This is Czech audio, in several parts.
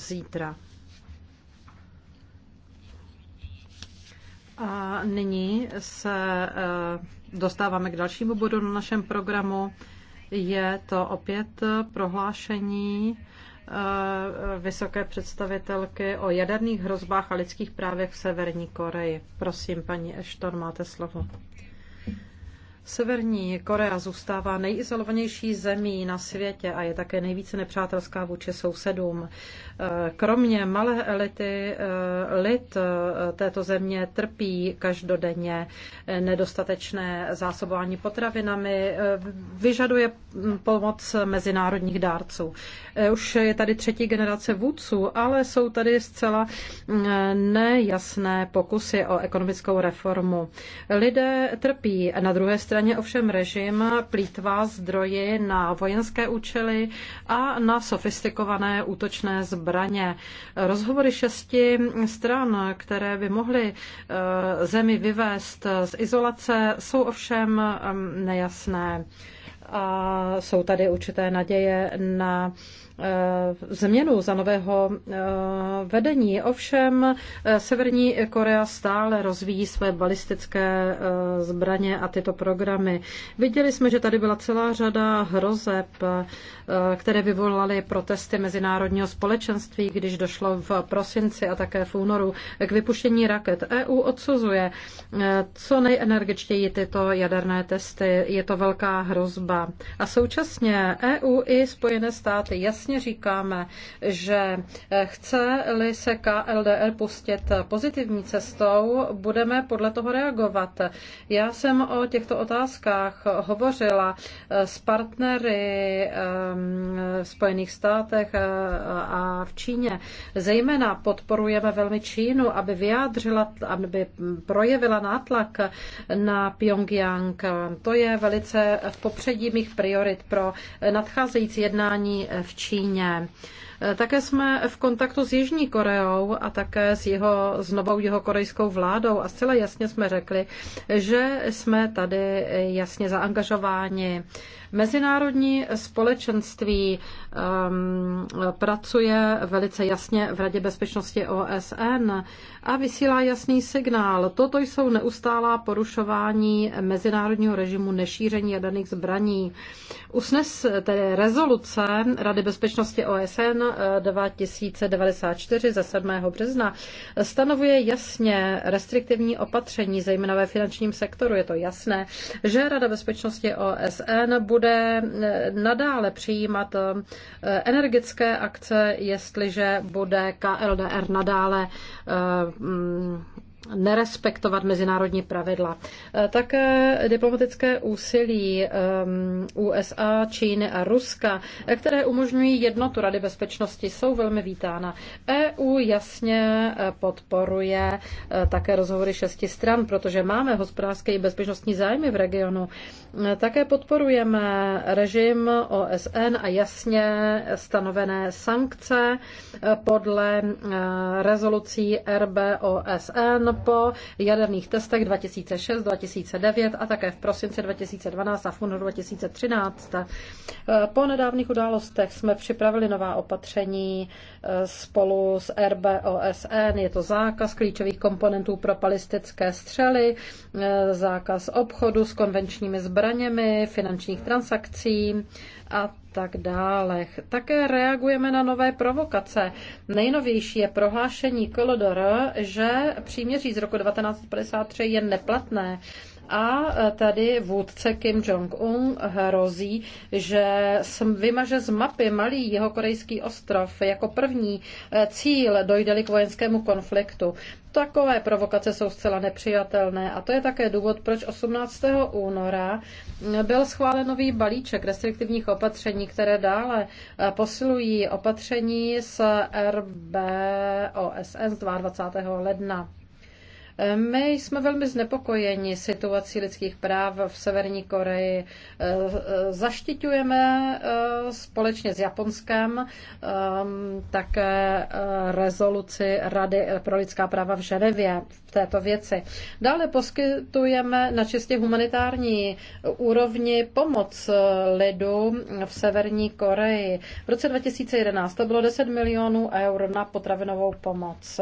zítra. A nyní se eh, dostáváme k dalšímu bodu na našem programu. Je to opět prohlášení eh, vysoké představitelky o jaderných hrozbách a lidských právech v Severní Koreji. Prosím, paní Ešton, máte slovo. Severní Korea zůstává nejizolovanější zemí na světě a je také nejvíce nepřátelská vůči sousedům. Eh, Kromě malé elity eh, lid eh, této země trpí každodenně nedostatečné zásobování potravinami, vyžaduje pomoc mezinárodních dárců. Už je tady třetí generace vůdců, ale jsou tady zcela nejasné pokusy o ekonomickou reformu. Lidé trpí na druhé straně straně ovšem režim plítvá zdroji na vojenské účely a na sofistikované útočné zbraně. Rozhovory šesti stran, které by mohly eh, zemi vyvést z izolace, jsou ovšem mm, nejasné. A jsou tady určité naděje na Eh, změnu za nového eh, vedení. Ovšem eh, Severní Korea stále rozvíjí své balistické zbraně a tyto programy. Viděli jsme, že tady byla celá řada hrozeb, které vyvolaly protesty mezinárodního společenství, když došlo v prosinci a také v únoru k vypuštění raket. EU odsuzuje co nejenergičtěji tyto jaderné testy. Je to velká hrozba. A současně EU i Spojené státy jasně jasně říkáme, že eh, chce-li se KLDR pustit pozitivní cestou, budeme podle toho reagovat. Já jsem o těchto otázkách hovořila eh, s partnery ehm, v Spojených státech eh, a v Číně. Zejména podporujeme velmi Čínu, aby vyjádřila, aby projevila nátlak na Pyongyang. To je velice v popředí mých priorit pro nadcházející jednání v Číně. Číně. Eh, také jsme v kontaktu s Jižní Koreou a také s, jeho, s novou jeho korejskou vládou a zcela jasně jsme řekli, že jsme tady jasně zaangažováni Mezinárodní společenství um, pracuje velice jasně v Radě bezpečnosti OSN a vysílá jasný signál. Toto jsou neustálá porušování mezinárodního režimu nešíření jaderných zbraní. Usnes tedy rezoluce Rady bezpečnosti OSN 2094 eh, ze 7. března stanovuje jasně restriktivní opatření, zejména ve finančním sektoru. Je to jasné, že Rada bezpečnosti OSN bude bude nadále přijímat eh, energetické akce, jestliže bude KLDR nadále eh, mm, nerespektovat mezinárodní pravidla. Eh, také diplomatické úsilí ehm, USA, Číny a Ruska, eh, které umožňují jednotu Rady bezpečnosti, jsou velmi vítána. EU jasně eh, podporuje také rozhovory šesti stran, protože máme hospodářské i bezpečnostní zájmy v regionu. Také podporujeme režim OSN a jasně stanovené sankce podle rezolucí RBOSN po jaderných testech 2006, 2009 a také v prosinci 2012 a v únoru 2013. Po nedávných událostech jsme připravili nová opatření e, spolu s RBOSN. Je to zákaz klíčových komponentů pro palistické střely, e, zákaz obchodu s konvenčními zbraněmi, finančních transakcí a tak dále. Také reagujeme na nové provokace. Nejnovější je prohlášení Kolodor, že příměří z roku 1953 je neplatné. A tady vůdce Kim Jong-un hrozí, že vymaže z mapy malý jeho korejský ostrov jako první eh, cíl dojde k vojenskému konfliktu. Takové provokace jsou zcela nepřijatelné a to je také důvod, proč 18. února mm, byl schválen nový balíček restriktivních opatření, které dále eh, posilují opatření s RBOSN z 22. ledna. My jsme velmi znepokojeni situací lidských práv v Severní Koreji. Eh, zaštiťujeme eh, společně s Japonskem eh, také rezoluci Rady pro lidská práva v Ženevě v této věci. Dále poskytujeme na čistě humanitární úrovni pomoc lidu v Severní Koreji. V roce 2011 to bylo 10 milionů eur na potravinovou pomoc.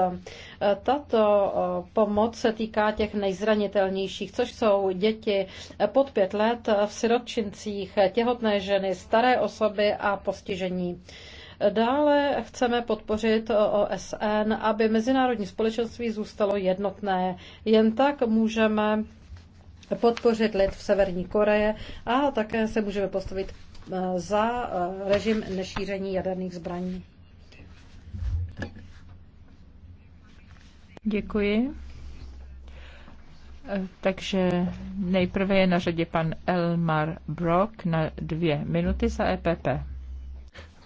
Tato pomoc pomoc se týká těch nejzranitelnějších, což jsou děti pod pět let v syrotčincích, těhotné ženy, staré osoby a postižení. Dále chceme podpořit OSN, aby mezinárodní společenství zůstalo jednotné. Jen tak můžeme podpořit lid v Severní Koreje a také se můžeme postavit eh, za eh, režim nešíření jaderných zbraní. Děkuji. Takže nejprve je na řadě pan Elmar Brock na dvě minuty za EPP.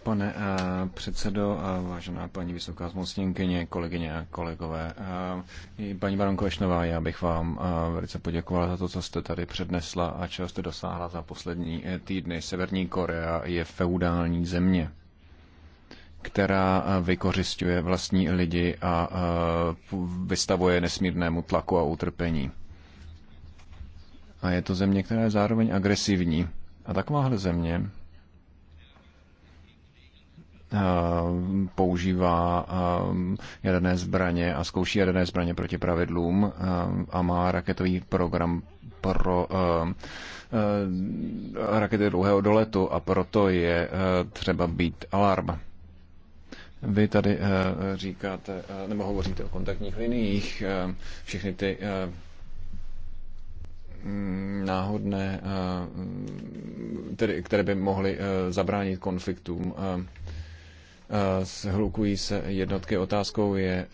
Pane a eh, předsedo, a eh, vážená paní vysoká zmocněnkyně, kolegyně a kolegové, eh, i paní baronko Ešnová, já bych vám velice poděkoval za to, co jste tady přednesla a čeho jste dosáhla za poslední týdny. Severní Korea je feudální země která vykořišťuje vlastní lidi a vystavuje nesmírnému tlaku a utrpení. A je to země, která je zároveň agresivní. A takováhle země eh, používá eh, jaderné zbraně a zkouší jaderné zbraně proti pravidlům eh, a má raketový program pro rakety dlouhého doletu a proto je třeba být alarm. Vy tady říkáte, nebo hovoříte o kontaktních liniích, všechny ty náhodné, eh, tedy, které by mohly eh, zabránit konfliktům. Zhlukují eh, se jednotky. Otázkou je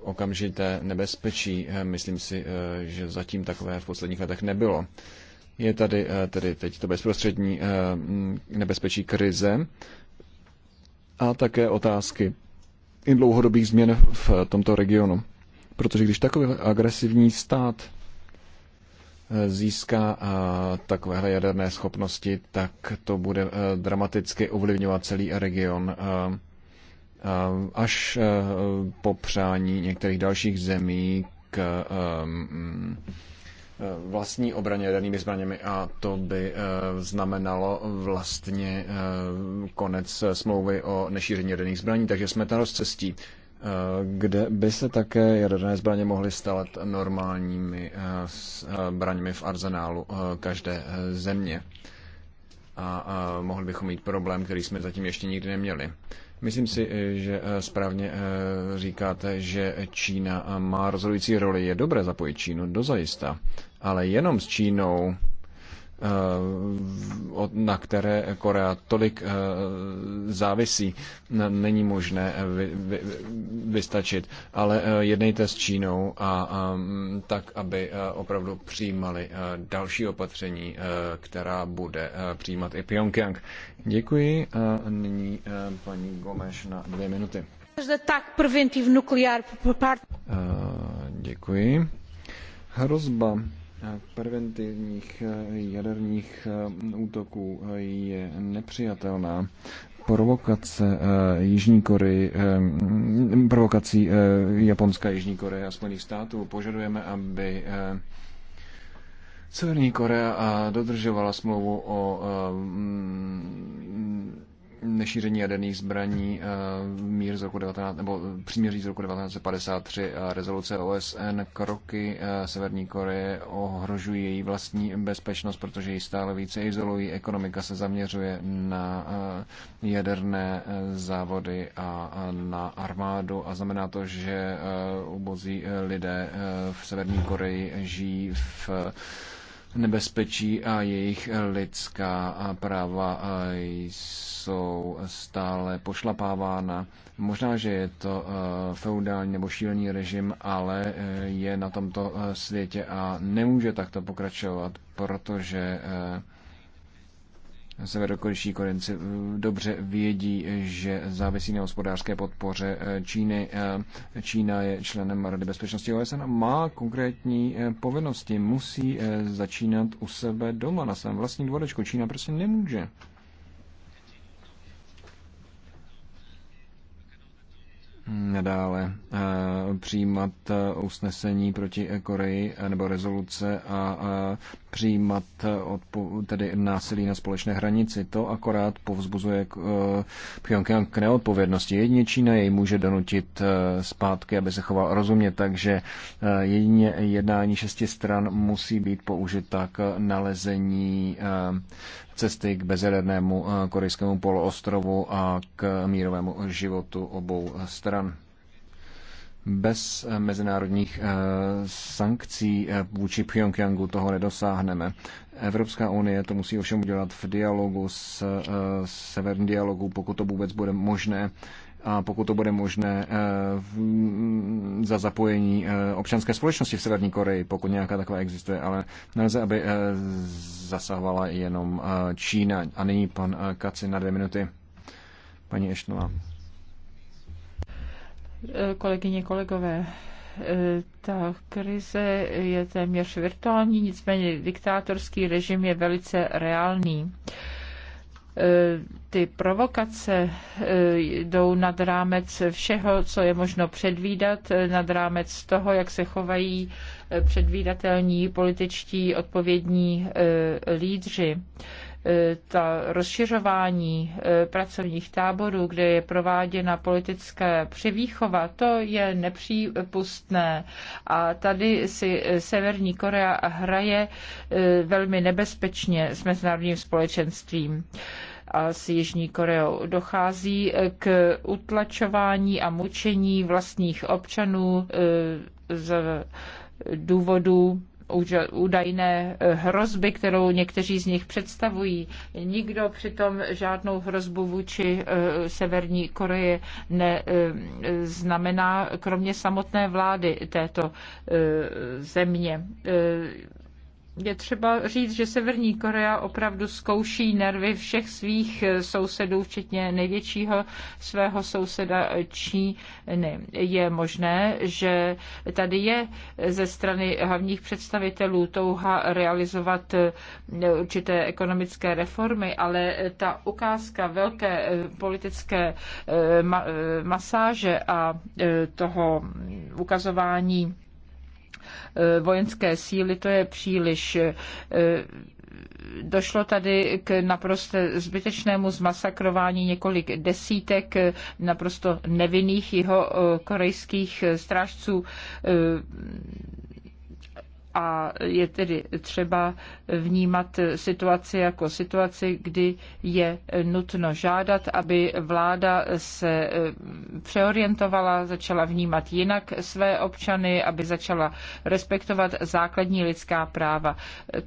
okamžité nebezpečí. Myslím si, že zatím takové v posledních letech nebylo. Je tady tedy teď to bezprostřední nebezpečí krize a také otázky i dlouhodobých změn v tomto regionu. Protože když takový agresivní stát získá takovéhle jaderné schopnosti, tak to bude eh, dramaticky ovlivňovat celý region eh, eh, až po přání některých dalších zemí k ehm, vlastní obraně jadernými zbraněmi a to by znamenalo vlastně konec smlouvy o nešíření jaderných zbraní, takže jsme na rozcestí kde by se také jaderné zbraně mohly stát normálními eh, eh, zbraněmi v arzenálu eh, každé země. A mohli bychom mít problém, který jsme zatím ještě nikdy neměli. Myslím si, že správně říkáte, že Čína má rozhodující roli. Je dobré zapojit Čínu, dozajista. Ale jenom s Čínou Eh, na které Korea tolik eh, závisí, není možné eh, vystačit. Ale jednejte s Čínou a mm, tak, aby opravdu přijímali další opatření, která bude přijímat i Pyongyang. Děkuji a nyní paní Gomeš na dvě minuty. Děkuji. Hrozba preventivních eh, jaderních eh, útoků eh, je nepřijatelná. Provokace Jižní um, provokací Japonska, Jižní Koreje a Spojených států požadujeme, aby Severní Korea dodržovala smlouvu o nešíření jaderných zbraní, eh, mír z roku 19, nebo eh, příměří z roku 1953 a rezoluce OSN, kroky eh, Severní Koreje ohrožují její vlastní bezpečnost, protože ji stále více izolují. Ekonomika se zaměřuje na jaderné závody a na armádu a znamená to, že ubozí lidé v Severní Koreji žijí v nebezpečí a jejich lidská práva jsou stále pošlapávána. Možná, že je to e, feudální nebo šílený režim, ale e, je na tomto e, světě a nemůže takto pokračovat, protože severokorejští korenci eh, dobře vědí, že závisí na hospodářské podpoře eh, Číny. Eh, Čína je členem Rady bezpečnosti OSN a má konkrétní povinnosti. Musí začínat u sebe doma, na svém vlastním dvorečku. Čína prostě nemůže. nadále přijímat usnesení proti Koreji nebo rezoluce a přijímat eh, odpo- tedy násilí na společné hranici. To akorát povzbuzuje k, uh, eh, Pyongyang k neodpovědnosti. Jedině Čína jej může donutit uh, zpátky, aby se choval rozumně, takže uh, jedině jednání šesti stran musí být použita k nalezení uh, cesty k bezjadernému korejskému poloostrovu a k mírovému životu obou stran. Bez eh, mezinárodních eh, sankcí eh, vůči Pyongyangu toho nedosáhneme. Evropská unie to musí ovšem udělat v dialogu s severní dialogu, pokud to vůbec bude možné a pokud to bude možné mm, za zapojení občanské společnosti v Severní Koreji, pokud nějaká taková existuje, ale nelze, aby zasahovala jenom Čína. A nyní pan Kaci na dvě minuty. Paní Eštnová kolegyně, kolegové, e, ta krize je téměř virtuální, nicméně diktátorský režim je velice reálný e, ty provokace e, jdou nad rámec všeho, co je možno předvídat, nad rámec toho, jak se chovají předvídatelní političtí odpovědní lídři. E, ta rozšiřování e, pracovních táborů, kde je prováděna politické přivýchova, to je nepřípustné. A tady si e, Severní Korea hraje velmi nebezpečně s mezinárodním společenstvím a s Jižní Koreou. Dochází k utlačování a mučení vlastních občanů z důvodu údajné eh, hrozby, kterou někteří z nich představují. Nikdo přitom žádnou hrozbu vůči eh, Severní Koreje neznamená, eh, kromě samotné vlády této země je třeba říct, že Severní Korea opravdu zkouší nervy všech svých eh, sousedů, včetně největšího svého souseda eh, Číny. Je možné, že tady je eh, ze strany hlavních představitelů touha realizovat určité ekonomické reformy, ale ta ukázka velké politické masáže a toho ukazování Eh, vojenské síly, to je příliš eh, došlo tady k naprosto zbytečnému zmasakrování několik desítek eh, naprosto nevinných jeho korejských strážců a je tedy třeba vnímat situaci jako situaci, kdy je nutno žádat, aby vláda se eh, přeorientovala, začala vnímat jinak své občany, aby začala respektovat základní lidská práva.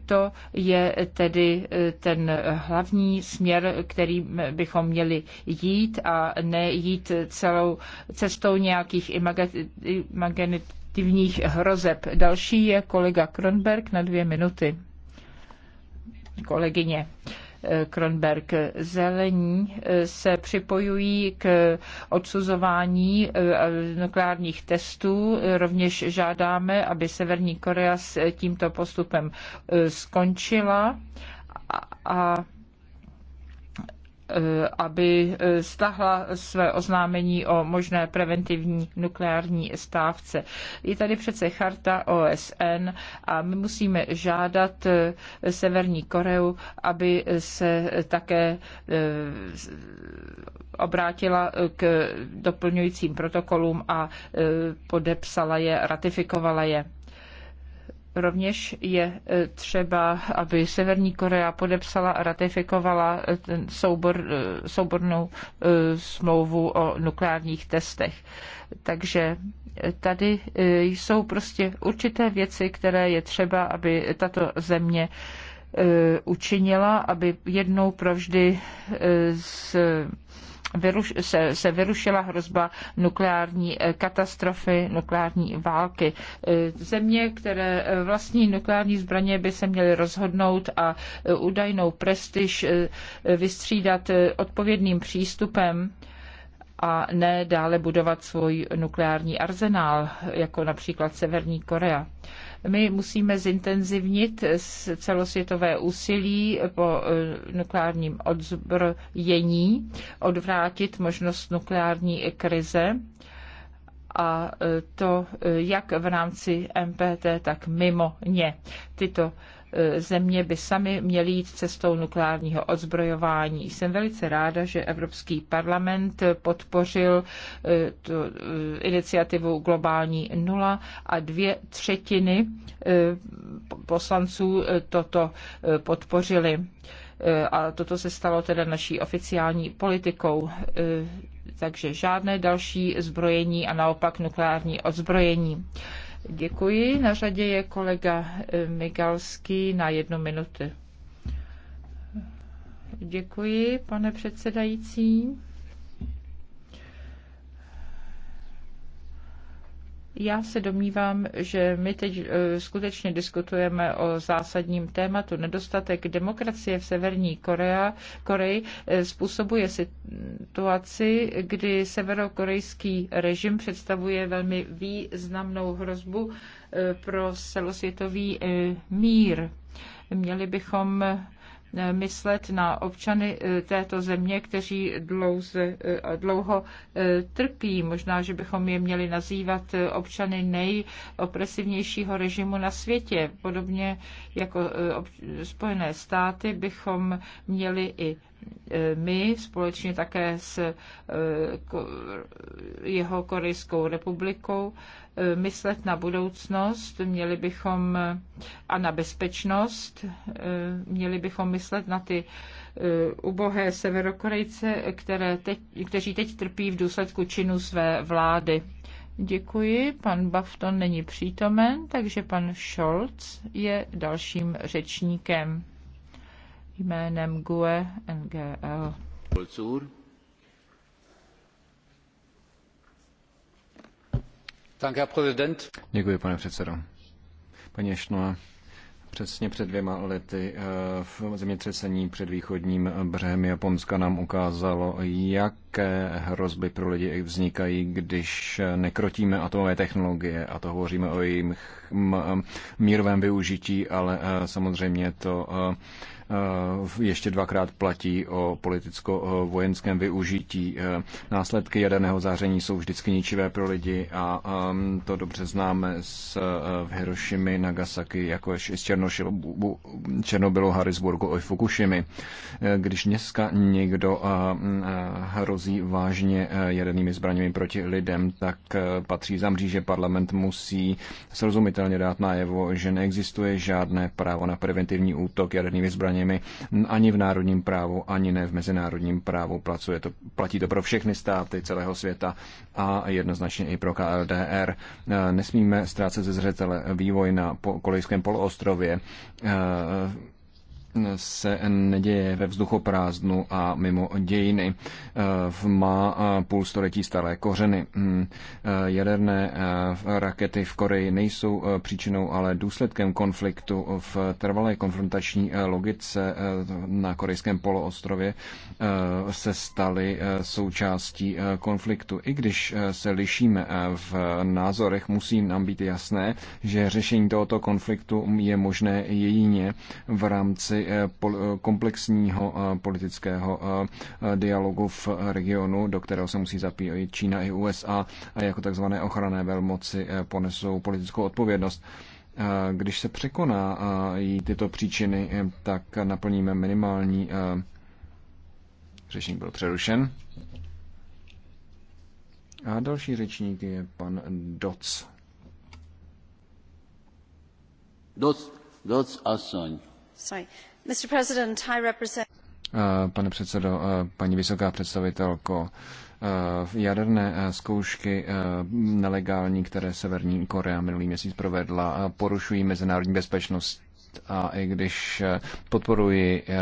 To je tedy eh, ten hlavní směr, kterým bychom měli jít a nejít celou cestou nějakých imaginit aktivních hrozeb. Další je kolega Kronberg na dvě minuty. Kolegyně. Eh, Kronberg. Zelení eh, se připojují k odsuzování eh, nukleárních testů. Rovněž žádáme, aby Severní Korea s tímto postupem skončila a Eh, aby eh, stahla své oznámení o možné preventivní nukleární stávce. Je tady přece charta OSN a my musíme žádat eh, Severní Koreu, aby se také obrátila k doplňujícím protokolům a podepsala je, ratifikovala je. Rovněž je e, třeba, aby Severní Korea podepsala a ratifikovala e, ten soubor, e, soubornou smlouvu o nukleárních testech. Takže tady jsou prostě určité věci, které je třeba, aby tato země učinila, aby jednou provždy z vyruš, se, se vyrušila hrozba nukleární eh, katastrofy, nukleární války. Eh, země, které eh, vlastní nukleární zbraně, by se měly rozhodnout a údajnou prestiž vystřídat odpovědným přístupem a ne dále budovat svůj nukleární arzenál, jako například Severní Korea. My musíme zintenzivnit celosvětové úsilí po eh, nukleárním odzbrojení, odvrátit možnost nukleární krize a eh, to eh, jak v rámci MPT, tak mimo ně. Tyto země by sami měly jít cestou nukleárního odzbrojování. Jsem velice ráda, že Evropský parlament podpořil eh, tu eh, iniciativu Globální nula a dvě třetiny eh, poslanců toto podpořili. A toto se stalo teda naší oficiální politikou takže žádné další zbrojení a naopak nukleární odzbrojení. Děkuji. Na řadě je kolega eh, Migalský na jednu minutu. Děkuji, pane předsedající. Já se domnívám, že my teď eh, skutečně diskutujeme o zásadním tématu. Nedostatek demokracie v Severní Korea, Koreji eh, způsobuje situaci, kdy severokorejský režim představuje velmi významnou hrozbu eh, pro celosvětový mír. Měli bychom myslet na občany eh, této země, kteří dlouze, eh, dlouho eh, trpí. Možná, že bychom je měli nazývat občany nejopresivnějšího režimu na světě. Podobně jako Spojené státy bychom měli i my společně také s eh, jeho Korejskou republikou eh, myslet na budoucnost, měli bychom eh, a na bezpečnost, měli bychom myslet na ty ubohé severokorejce, které teď, kteří teď trpí v důsledku činu své vlády. Děkuji, pan Bafton není přítomen, takže pan Scholz je dalším řečníkem jménem GUE NGL. Děkuji, pane předsedo. Paní Eštnová, Přesně před dvěma lety eh, v zemětřesení před východním břehem Japonska nám ukázalo, jaké hrozby pro lidi vznikají, když nekrotíme atomové technologie a to hovoříme o jejich mírovém využití, ale eh, samozřejmě to eh, Eh, ještě dvakrát platí o politicko-vojenském využití. Eh, následky jaderného záření jsou vždycky ničivé pro lidi a ehm, to dobře známe z eh, Hirošimi, Nagasaki, jako z s Černobylu, Harrisburgu i Fukushimi. Když dneska někdo hrozí vážně jadernými zbraněmi proti lidem, tak patří za mříže parlament musí srozumitelně dát najevo, že neexistuje žádné právo na preventivní útok jadernými zbraněmi nimi ani v národním právu, ani ne v mezinárodním právu. Placuje to, platí to pro všechny státy celého světa a jednoznačně i pro KLDR. Nesmíme ztrácet ze zřetele vývoj na kolejském poloostrově eh, se neděje ve vzduchu prázdnu a mimo dějiny. Eh, má eh, půl století staré kořeny. Mm, eh, jaderné rakety v Koreji nejsou příčinou, ale důsledkem konfliktu v trvalé konfrontační logice na korejském poloostrově se staly součástí konfliktu. I když se lišíme v názorech, musí nám být jasné, že řešení tohoto konfliktu je možné jedině v rámci Eh, eh, komplexního eh, politického dialogu v regionu, do kterého se musí zapíjet Čína i USA a jako takzvané ochranné velmoci ponesou politickou odpovědnost. Když se překoná jí tyto příčiny, tak naplníme minimální. Řečník byl přerušen. A další řečník je pan Doc. Doc, Doc asszony. Sorry. Eh, pane předsedající eh, paní vysoká představitelko, eh, jaderné zkoušky nelegální, které Severní Korea minulý měsíc provedla, porušují mezinárodní bezpečnost a i když eh, podporuji eh,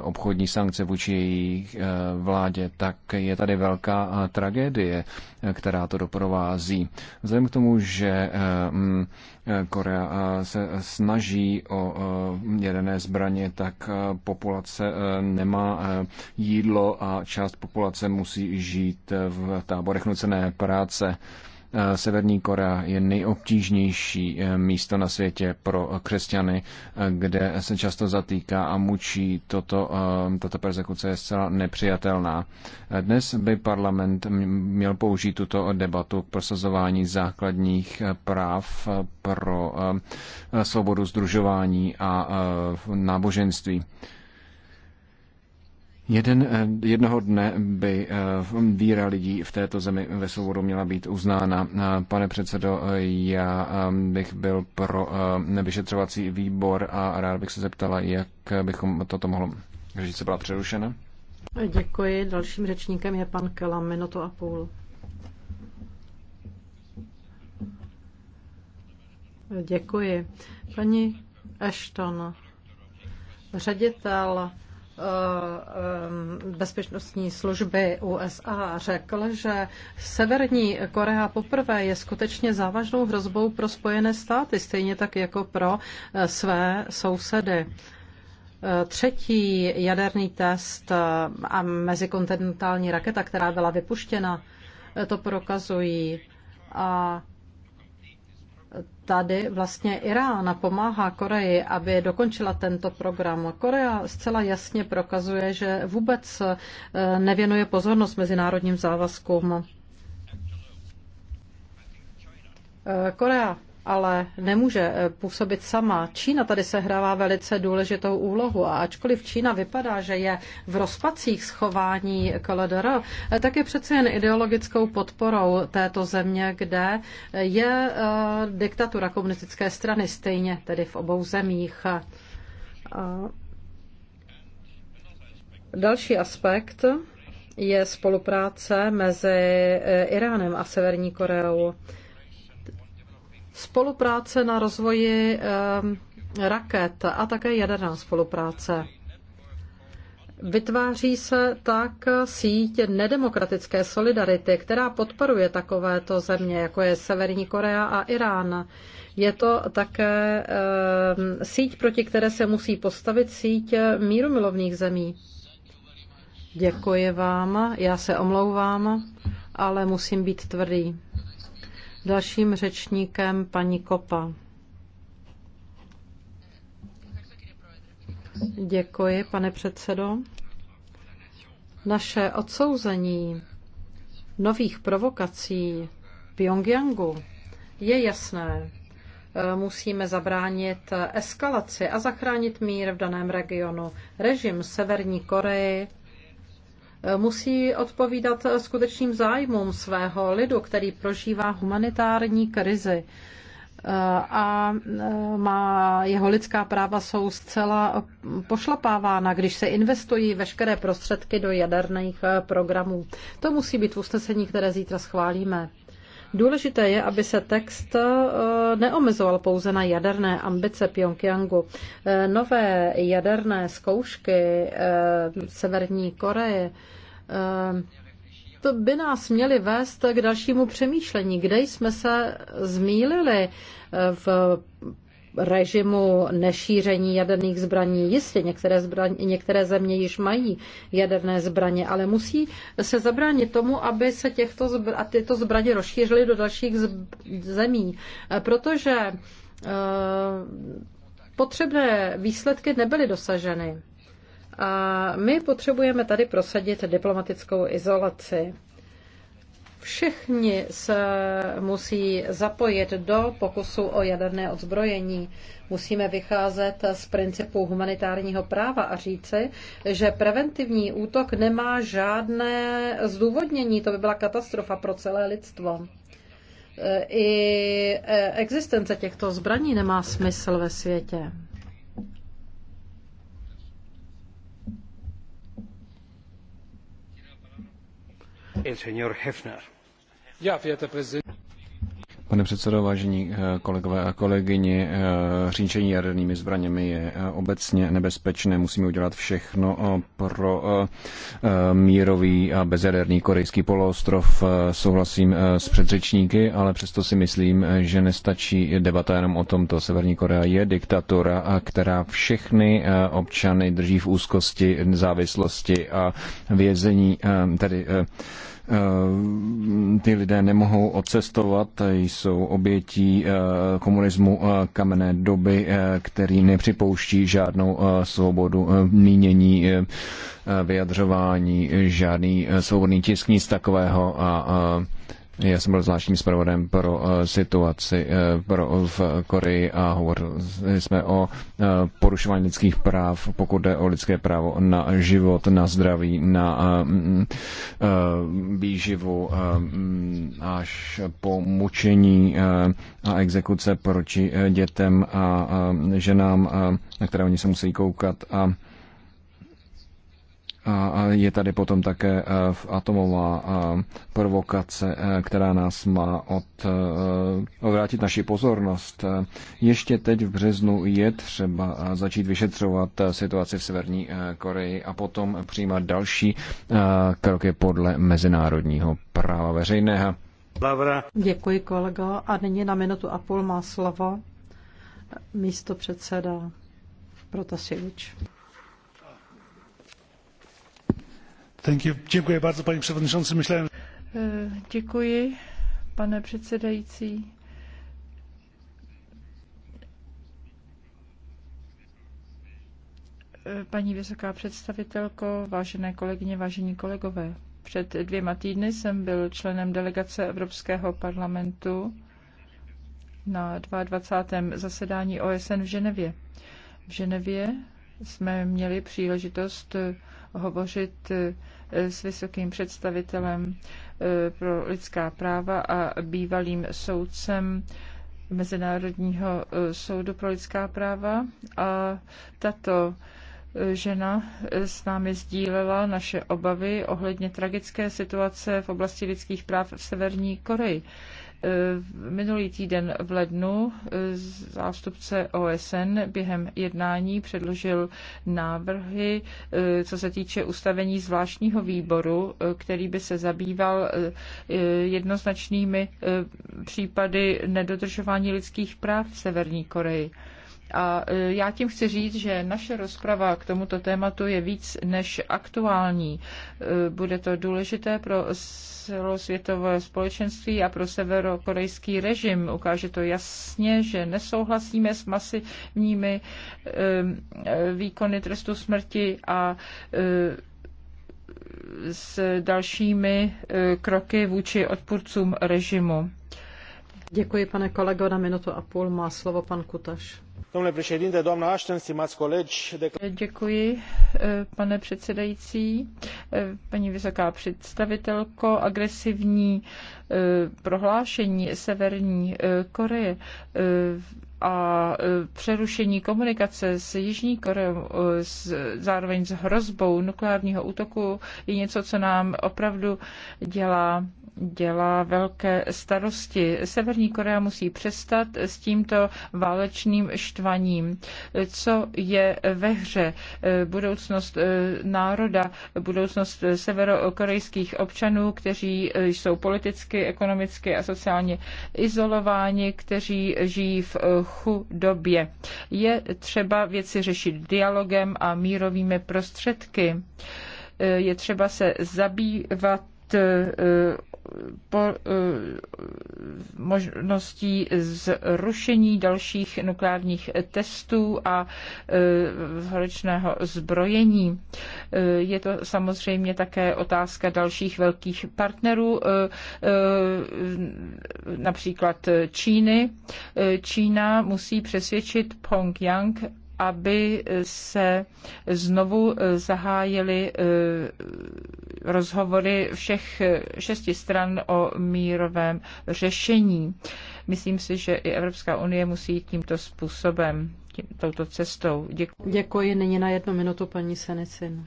obchodní sankce vůči její eh, vládě, tak je tady velká tragédie, která to doprovází. Vzhledem k tomu, že mm, Korea se snaží o jedené zbraně, tak populace nemá jídlo a část populace musí žít v táborech nucené práce. Eh, Severní Korea je nejobtížnější eh, místo na světě pro eh, křesťany, kde se často zatýká a mučí. Toto, tato persekuce je zcela nepřijatelná. Dnes by parlament měl použít tuto debatu k prosazování základních práv pro svobodu združování a náboženství. Jeden, eh, jednoho dne by eh, víra lidí v této zemi ve svobodu měla být uznána. Eh, pane předsedo, já bych byl pro vyšetřovací výbor a rád bych se zeptala, jak bychom toto mohlo... se byla přerušena. Děkuji. Dalším řečníkem je pan Kela, minuto a půl. Děkuji. Paní Ashton, ředitel Eh, eh, bezpečnostní služby USA řekl, že Severní Korea poprvé je skutečně závažnou hrozbou pro Spojené státy, stejně tak jako pro eh, své sousedy. Třetí jaderný test a mezikontinentální raketa, která byla vypuštěna, to prokazují. A tady vlastně Irán pomáhá Koreji, aby dokončila tento program. Korea zcela jasně prokazuje, že vůbec eh, nevěnuje pozornost mezinárodním závazkům. Eh, Korea ale nemůže eh, působit sama. Čína tady sehrává velice důležitou úlohu a ačkoliv Čína vypadá, že je v rozpacích schování KLDR, eh, tak je přece jen ideologickou podporou této země, kde eh, je diktatura komunistické strany, stejně tedy v obou zemích. Další aspekt je spolupráce mezi Iránem a Severní Koreou spolupráce na rozvoji eh, raket a také jaderná spolupráce. Vytváří se tak síť nedemokratické solidarity, která podporuje takovéto země, jako je Severní Korea a Irán. Je to také eh, síť, proti které se musí postavit síť mírumilovných zemí. Děkuji vám, já se omlouvám, ale musím být tvrdý. Dalším řečníkem paní Kopa. Děkuji, pane předsedo. Naše odsouzení nových provokací v Pyongyangu je jasné. Musíme zabránit eskalaci a zachránit mír v daném regionu. Režim Severní Koreji musí odpovídat skutečným zájmům svého lidu, který prožívá humanitární krizi a má, jeho lidská práva jsou zcela pošlapávána, když se investují veškeré prostředky do jaderných programů. To musí být usnesení, které zítra schválíme. Důležité je, aby se text eh, neomezoval pouze na jaderné ambice Pyongyangu. Eh, nové jaderné zkoušky eh, Severní Koreje to by nás měly vést k dalšímu přemýšlení, kde jsme se zmílili v režimu nešíření jaderných zbraní. Jistě některé, zbraně, některé země již mají jaderné zbraně, ale musí se zabránit tomu, aby se těchto zbr- a tyto zbraně rozšířily do dalších zemí, protože uh, potřebné výsledky nebyly dosaženy. A my potřebujeme tady prosadit diplomatickou izolaci. Všichni se musí zapojit do pokusu o jaderné odzbrojení. Musíme vycházet z principu humanitárního práva a říci, že preventivní útok nemá žádné zdůvodnění. To by byla katastrofa pro celé lidstvo. I existence těchto zbraní nemá smysl ve světě. herr präsident! Pane předsedo, vážení eh, kolegové a kolegyně, eh, říčení jadernými zbraněmi je eh, obecně nebezpečné. Musíme udělat všechno pro mírový a bezjaderný korejský poloostrov. Souhlasím s předřečníky, ale přesto si myslím, že nestačí debata jenom o tomto. Severní Korea je diktatura, která všechny občany drží v úzkosti, závislosti a vězení, tedy Eh, ty lidé nemohou odcestovat, jsou obětí eh, komunismu eh, kamenné doby, který nepřipouští žádnou svobodu mínění, vyjadřování, žádný svobodný tisk, nic takového a já jsem byl zvláštním zpravodem pro eh, situaci eh, pro, v Koreji a hovořili jsme o eh, porušování lidských práv, pokud jde o lidské právo na život, na zdraví, na mm, mm, výživu mm, až po mučení a exekuce proti dětem a ženám, na které oni se musí koukat a a je tady potom také e, atomová e, provokace, e, která nás má od, odvrátit naši pozornost. Ještě teď v březnu je třeba začít vyšetřovat situaci v Severní Koreji a potom přijímat další kroky podle mezinárodního práva veřejného. Děkuji, kolego. A nyní na minutu a půl má slovo místo předseda Protasevič. Děkuji předsedající. Eh, pane předsedající. Eh, paní vysoká představitelko, vážené kolegyně, vážení kolegové, před dvěma týdny jsem byl členem delegace Evropského parlamentu na 22. zasedání OSN v Ženevě. V Ženevě jsme měli příležitost hovořit s vysokým představitelem eh, pro lidská práva a bývalým soudcem Mezinárodního eh, soudu pro lidská práva. A tato eh, žena s námi sdílela naše obavy ohledně tragické situace v oblasti lidských práv v Severní Koreji. Eh, minulý týden v lednu eh, zástupce OSN během jednání předložil návrhy, eh, co se týče ustavení zvláštního výboru, který by se zabýval jednoznačnými případy nedodržování lidských práv v Severní Koreji. A e, já tím chci říct, že naše rozprava k tomuto tématu je víc než aktuální. E, bude to důležité pro celosvětové společenství a pro severokorejský režim. Ukáže to jasně, že nesouhlasíme s masivními e, výkony trestu smrti a s dalšími kroky vůči odpůrcům režimu. Děkuji, pane kolego. Na minutu a půl má slovo pan Kutaš. Děkuji, eh, pane předsedající. Eh, paní vysoká představitelko, agresivní eh, prohlášení Severní Koreje a přerušení komunikace s Jižní Koreou s, zároveň s hrozbou nukleárního útoku je něco, co nám opravdu dělá dělá velké starosti. Severní Korea musí přestat s tímto válečným štvaním. Co je ve hře? Budoucnost eh, národa, budoucnost severokorejských občanů, kteří eh, jsou politicky, ekonomicky a sociálně izolováni, kteří žijí v eh, chudobě. Je třeba věci řešit dialogem a mírovými prostředky. Je třeba se zabývat Eh, po, eh, možností zrušení dalších nukleárních testů a eh, horečného zbrojení. Je to samozřejmě také otázka dalších velkých partnerů, například Číny. Čína musí přesvědčit Pyongyang, aby se znovu zahájily eh, rozhovory všech šesti stran o mírovém řešení. Myslím si, že i Evropská unie musí jít tímto způsobem, tím, touto cestou. Děkuji. Děkuji. Nyní na jednu minutu paní Senicin.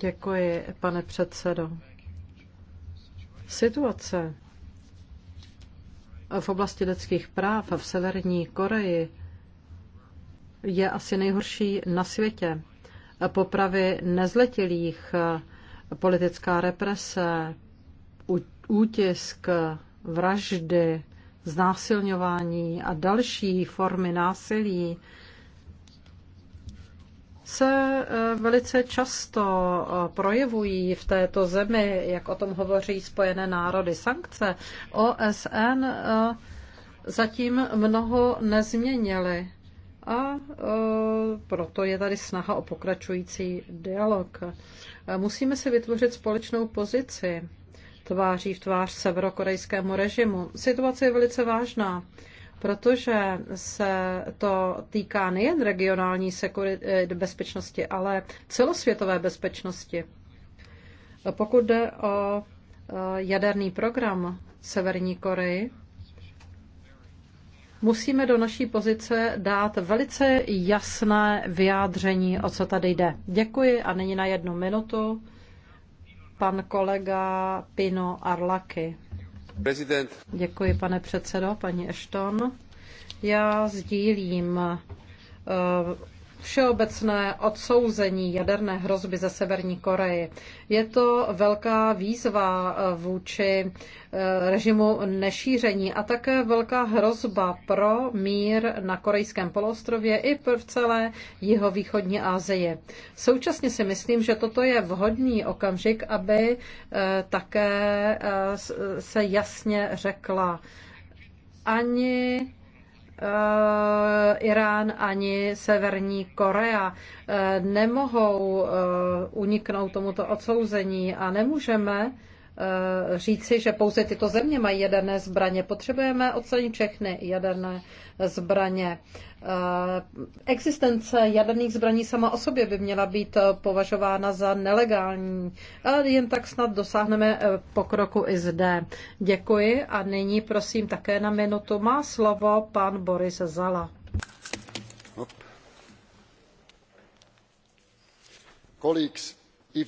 Děkuji, pane předsedo. Situace v oblasti lidských práv v Severní Koreji je asi nejhorší na světě. Popravy nezletilých, politická represe, útisk, vraždy, znásilňování a další formy násilí se eh, velice často eh, projevují v této zemi, jak o tom hovoří Spojené národy. Sankce OSN eh, zatím mnoho nezměnily a e, proto je tady snaha o pokračující dialog. E, musíme si vytvořit společnou pozici tváří v tvář severokorejskému režimu. Situace je velice vážná, protože se to týká nejen regionální e, bezpečnosti, ale celosvětové bezpečnosti. Pokud jde o jaderný program Severní Koreji, musíme do naší pozice dát velice jasné vyjádření, o co tady jde. Děkuji a nyní na jednu minutu pan kolega Pino Arlaki. Prezident. Děkuji, pane předsedo, paní Ashton. Já sdílím uh, všeobecné odsouzení jaderné hrozby ze Severní Koreji. Je to velká výzva eh, vůči eh, režimu nešíření a také velká hrozba pro mír na korejském poloostrově i v celé jihovýchodní Asii. Současně si myslím, že toto je vhodný okamžik, aby eh, také se jasně řekla ani Eh, Irán ani Severní Korea eh, nemohou eh, uniknout tomuto odsouzení a nemůžeme Eh, říci, že pouze tyto země mají jaderné zbraně. Potřebujeme ocenit všechny jaderné zbraně. Eh, existence jaderných zbraní sama o sobě by měla být považována za nelegální. ale jen tak snad dosáhneme eh, pokroku i zde. Děkuji a nyní prosím také na minutu má slovo pan Boris Zala. Colleagues, E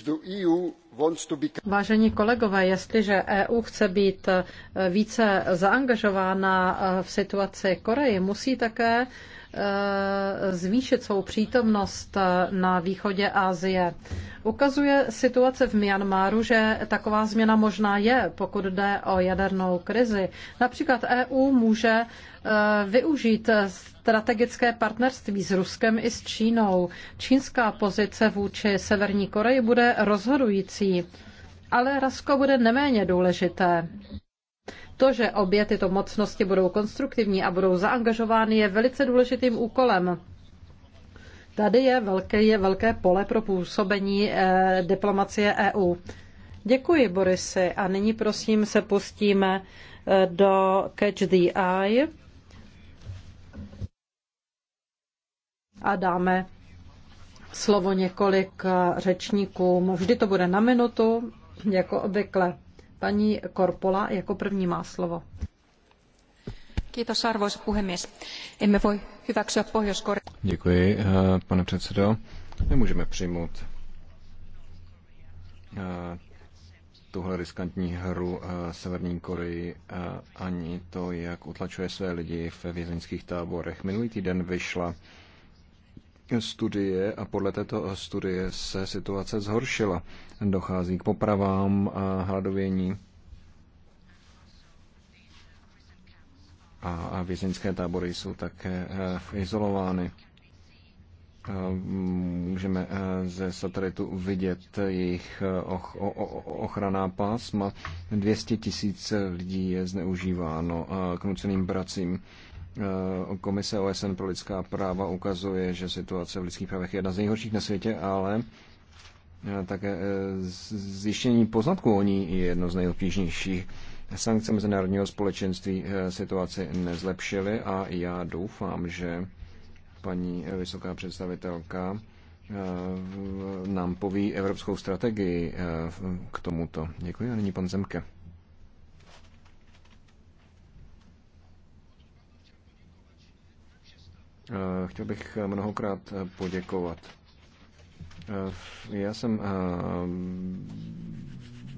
Vážení kolegové, jestliže EU chce být eh, více zaangažována eh, v situaci Koreji, musí také eh, zvýšit svou přítomnost na východě Asie. Ukazuje situace v Myanmaru, že taková změna možná je, pokud jde o jadernou krizi. Například EU může Eh, využít strategické partnerství s Ruskem i s Čínou. Čínská pozice vůči Severní Koreji bude rozhodující, ale Rasko bude neméně důležité. To, že obě tyto mocnosti budou konstruktivní a budou zaangažovány, je velice důležitým úkolem. Tady je velké, je velké pole pro působení eh, diplomacie EU. Děkuji, Borisy. A nyní prosím se pustíme eh, do Catch the Eye. a dáme slovo několik eh, řečníkům. Vždy to bude na minutu, jako obvykle. Paní Korpola jako první má slovo. Kiitos, arvoisa puhemies. Emme voi hyväksyä pohjois Děkuji, eh, pane předsedo. Nemůžeme přijmout eh, tuhle riskantní hru Severní Koreji ani to, jak utlačuje své lidi ve vězeňských táborech. Minulý týden vyšla studie a podle této studie se situace zhoršila. Dochází k popravám a hladovění a vězeňské tábory jsou také eh, izolovány. Eh, můžeme eh, ze satelitu vidět jejich ochraná pásma. 200 tisíc lidí je zneužíváno k nuceným bracím Eh, Komise OSN pro lidská práva ukazuje, že situace v lidských právech je jedna z nejhorších na světě, ale eh, také eh, zjištění poznatků o ní je jedno z nejobtížnějších. Sankce mezinárodního společenství situaci nezlepšily a já doufám, že paní vysoká představitelka nám poví evropskou strategii k tomuto. Děkuji a nyní pan Zemke. Eh, chtěl bych eh, mnohokrát eh, poděkovat. Já jsem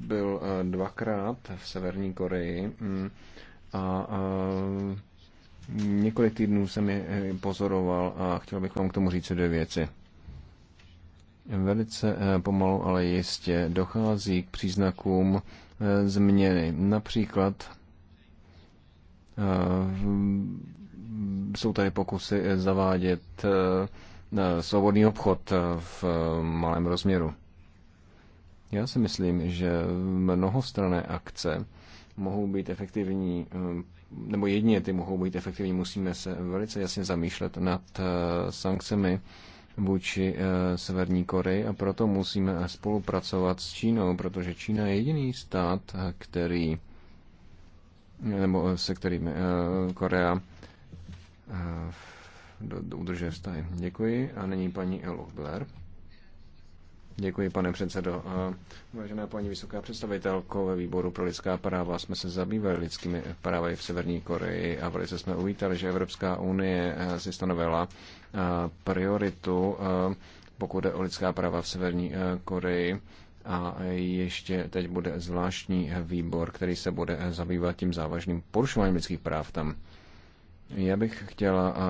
byl dvakrát v Severní Koreji mm, a několik týdnů jsem je pozoroval a chtěl bych vám k tomu říct dvě věci. Velice pomalu, ale jistě dochází k příznakům změny. Například jsou tady pokusy eh, zavádět eh, eh, svobodný obchod v malém rozměru. Já si myslím, že mnohostrané akce mohou být efektivní, nebo jedině ty mohou být efektivní, musíme se velice jasně zamýšlet nad sankcemi vůči Severní Koreji a proto musíme spolupracovat s Čínou, protože Čína je jediný stát, který nebo se kterým Korea Eh, udržuje vztahy. Děkuji. A nyní paní Elo Blair. Děkuji, pane předsedo. Eh, vážená paní vysoká představitelko ve výboru pro lidská práva, jsme se zabývali lidskými právy v Severní Koreji a velice jsme uvítali, že Evropská unie eh, si stanovila prioritu, pokud jde o lidská práva v Severní Koreji. A ještě teď bude zvláštní výbor, který se bude zabývat tím závažným porušováním lidských práv tam. Já bych chtěla eh,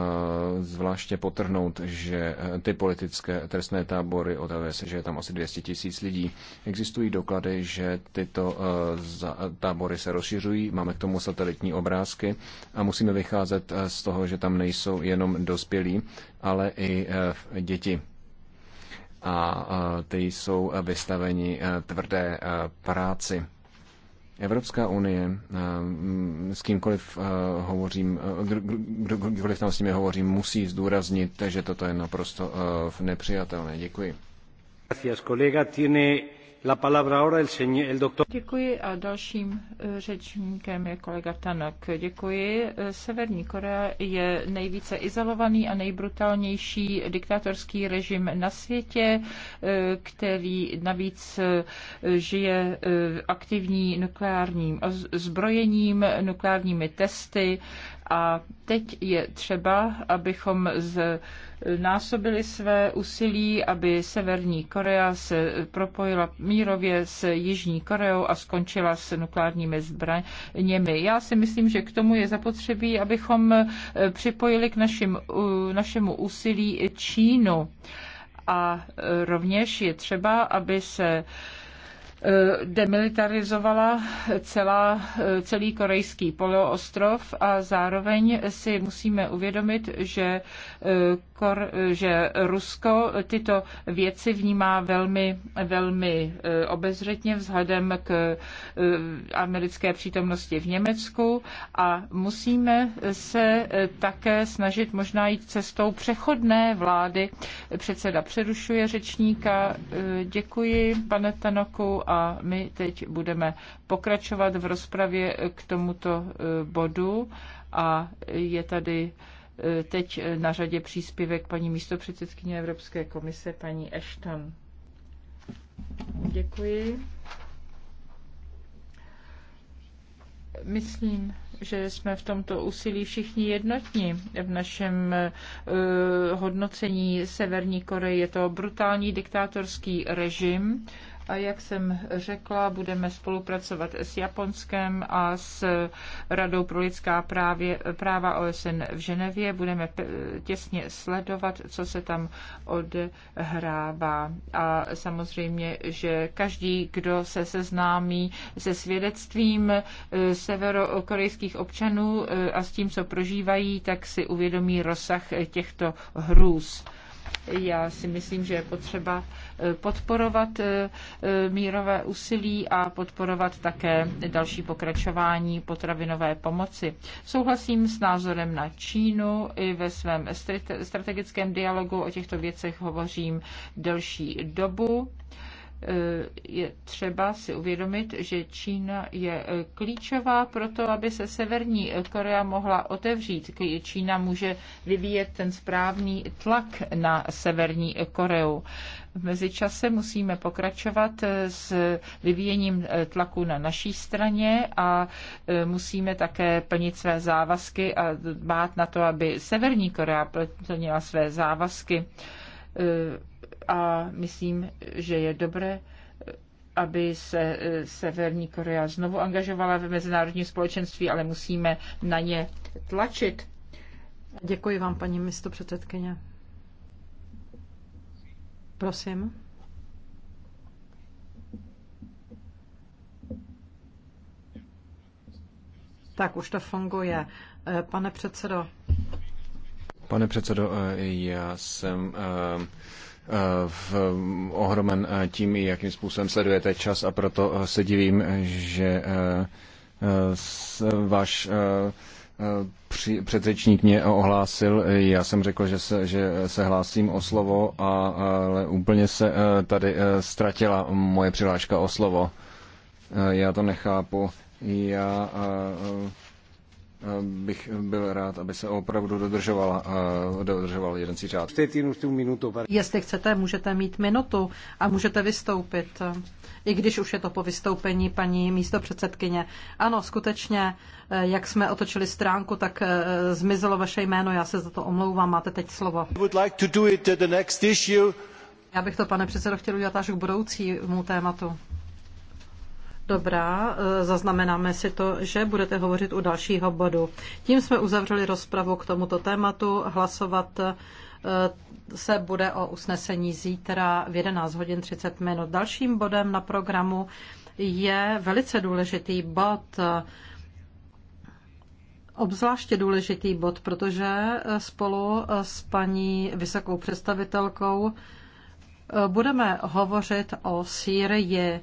zvláště potrhnout, že eh, ty politické trestné tábory odhaduje se, že je tam asi 200 tisíc lidí. Existují doklady, že tyto eh, tábory se rozšiřují, máme k tomu satelitní obrázky a musíme vycházet z toho, že tam nejsou jenom dospělí, ale i děti a ty jsou vystaveni tvrdé práci. Evropská unie, eh, mm, s kýmkoliv eh, hovořím, eh, kdokoliv tam s nimi hovořím, musí zdůraznit, že toto je naprosto nepřijatelné. Děkuji. Gracias, kolega. Tiene Děkuji a dalším eh, řečníkem je kolega Tanak. Děkuji. Eh, Severní Korea je nejvíce izolovaný a nejbrutálnější diktátorský režim na světě, eh, který navíc žije aktivní nukleárním zbrojením, nukleárními testy a teď je třeba, abychom z násobili své úsilí, aby Severní Korea se propojila mírově s Jižní Koreou a skončila s nukleárními zbraněmi. Já si myslím, že k tomu je zapotřebí, abychom připojili k našim, našemu úsilí Čínu. A rovněž je třeba, aby se demilitarizovala celá, celý korejský poloostrov a zároveň si musíme uvědomit, že, kor, že Rusko tyto věci vnímá velmi, velmi eh, obezřetně vzhledem k eh, americké přítomnosti v Německu a musíme se eh, také snažit možná jít cestou přechodné vlády. Předseda přerušuje řečníka. Děkuji, pane Tanoku a my teď budeme pokračovat v rozpravě k tomuto e, bodu a je tady e, teď na řadě příspěvek paní místopředsedkyně Evropské komise, paní Ashton. Děkuji. Myslím, že jsme v tomto úsilí všichni jednotní v našem e, hodnocení Severní Koreje. Je to brutální diktátorský režim, a jak jsem řekla, budeme spolupracovat s Japonskem a s Radou pro lidská právě, práva OSN v Ženevě. Budeme těsně sledovat, co se tam odhrává. A samozřejmě, že každý, kdo se seznámí se svědectvím e, severokorejských občanů e, a s tím, co prožívají, tak si uvědomí rozsah těchto hrůz. Já si myslím, že je potřeba podporovat eh, eh, mírové úsilí a podporovat také další pokračování potravinové pomoci. Souhlasím s názorem na Čínu i ve svém strategickém dialogu o těchto věcech hovořím delší dobu. Eh, je třeba si uvědomit, že Čína je eh, klíčová pro to, aby se Severní eh, Korea mohla otevřít. Čína může vyvíjet ten správný tlak na Severní Koreu. V mezičase musíme pokračovat s vyvíjením tlaku na naší straně a musíme také plnit své závazky a dbát na to, aby Severní Korea plnila své závazky a myslím, že je dobré, aby se e, Severní Korea znovu angažovala v mezinárodním společenství, ale musíme na ně tlačit. Děkuji vám, paní místo předsedkyně. Prosím. Tak už to funguje. E, pane předsedo. Pane předsedo, e, já jsem Eh, v, ohromen eh, tím, jakým způsobem sledujete čas a proto eh, se divím, že váš při, předřečník mě ohlásil, já jsem řekl, že se, že se hlásím o slovo, a, ale úplně se tady ztratila moje přihláška o slovo. Já to nechápu. Já bych byl rád, aby se opravdu dodržovala, eh, dodržoval jeden řád. Jestli chcete, můžete mít minutu a můžete vystoupit. I když už je to po vystoupení paní místo předsedkyně. Ano, skutečně, eh, jak jsme otočili stránku, tak eh, zmizelo vaše jméno, já se za to omlouvám, máte teď slovo. Já bych to, pane předsedo, chtěl udělat až k budoucímu tématu. Dobrá, e, zaznamenáme si to, že budete hovořit u dalšího bodu. Tím jsme uzavřeli rozpravu k tomuto tématu. Hlasovat e, se bude o usnesení zítra v 11 hodin 30 minut. Dalším bodem na programu je velice důležitý bod, e, obzvláště důležitý bod, protože spolu s paní vysokou představitelkou budeme hovořit o Sýrii